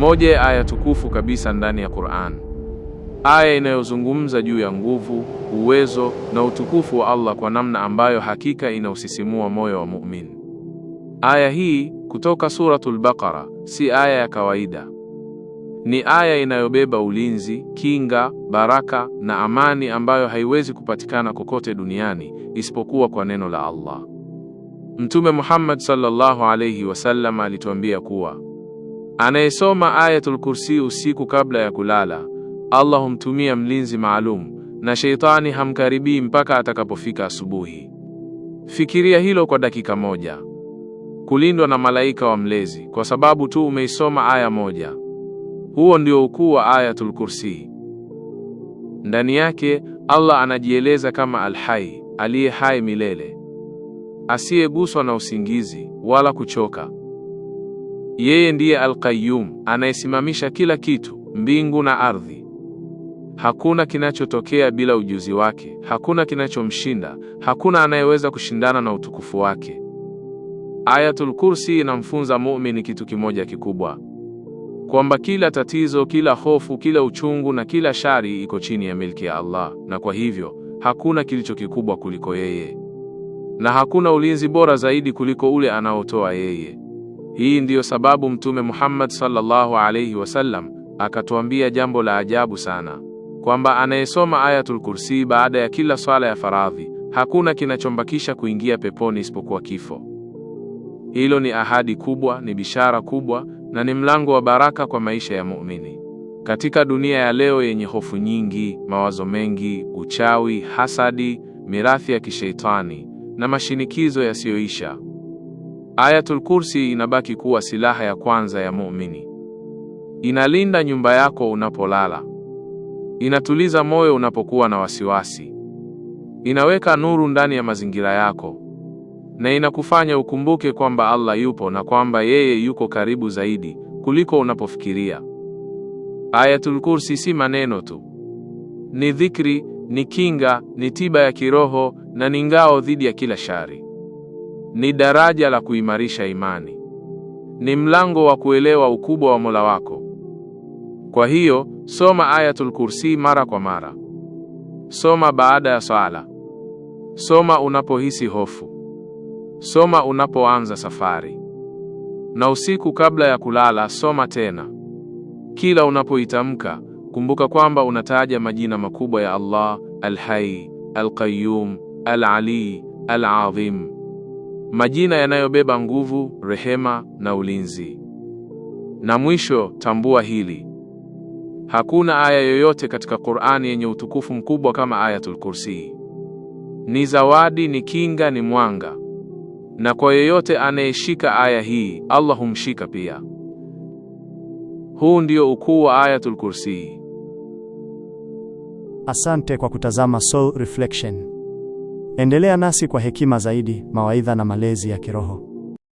Moja ya aya tukufu kabisa ndani ya Qur'an, aya inayozungumza juu ya nguvu, uwezo na utukufu wa Allah kwa namna ambayo hakika inausisimua moyo wa mumin Aya hii kutoka Suratul Baqara si aya ya kawaida. Ni aya inayobeba ulinzi, kinga, baraka na amani ambayo haiwezi kupatikana kokote duniani isipokuwa kwa neno la Allah. Mtume Muhammad sallallahu alayhi wasallam alituambia kuwa Anayesoma Ayatul Kursi usiku kabla ya kulala, Allah humtumia mlinzi maalum na sheitani hamkaribii mpaka atakapofika asubuhi. Fikiria hilo kwa dakika moja, kulindwa na malaika wa mlezi kwa sababu tu umeisoma aya moja. Huo ndio ukuu wa Ayatul Kursi. Ndani yake Allah anajieleza kama alhai aliye hai milele, asiyeguswa na usingizi wala kuchoka. Yeye ndiye Al-Qayyum, anayesimamisha kila kitu, mbingu na ardhi. Hakuna kinachotokea bila ujuzi wake, hakuna kinachomshinda, hakuna anayeweza kushindana na utukufu wake. Ayatul Kursi inamfunza muumini kitu kimoja kikubwa, kwamba kila tatizo, kila hofu, kila uchungu na kila shari iko chini ya milki ya Allah, na kwa hivyo hakuna kilicho kikubwa kuliko yeye, na hakuna ulinzi bora zaidi kuliko ule anaotoa yeye. Hii ndiyo sababu Mtume Muhammad sallallahu alayhi wasallam akatuambia jambo la ajabu sana kwamba anayesoma Ayatul Kursi baada ya kila swala ya faradhi hakuna kinachombakisha kuingia peponi isipokuwa kifo. Hilo ni ahadi kubwa, ni bishara kubwa na ni mlango wa baraka kwa maisha ya muumini. Katika dunia ya leo yenye hofu nyingi, mawazo mengi, uchawi, hasadi, mirathi ya kisheitani na mashinikizo yasiyoisha Ayatul Kursi inabaki kuwa silaha ya kwanza ya muumini. Inalinda nyumba yako unapolala, inatuliza moyo unapokuwa na wasiwasi, inaweka nuru ndani ya mazingira yako, na inakufanya ukumbuke kwamba Allah yupo na kwamba yeye yuko karibu zaidi kuliko unapofikiria. Ayatul Kursi si maneno tu, ni dhikri, ni kinga, ni tiba ya kiroho na ni ngao dhidi ya kila shari ni daraja la kuimarisha imani, ni mlango wa kuelewa ukubwa wa Mola wako. Kwa hiyo soma Ayatul Kursi mara kwa mara, soma baada ya swala, soma unapohisi hofu, soma unapoanza safari, na usiku kabla ya kulala soma tena. Kila unapoitamka kumbuka kwamba unataja majina makubwa ya Allah: Al-Hayy, Al-Qayyum, Al-Ali, Al-Azim majina yanayobeba nguvu, rehema na ulinzi. Na mwisho, tambua hili: hakuna aya yoyote katika Qur'ani yenye utukufu mkubwa kama Ayatul Kursi. Ni zawadi, ni kinga, ni mwanga, na kwa yeyote anayeshika aya hii, Allah humshika pia. Huu ndio ukuu wa Ayatul Kursi. Asante kwa kutazama Soul Reflection. Endelea nasi kwa hekima zaidi, mawaidha na malezi ya kiroho.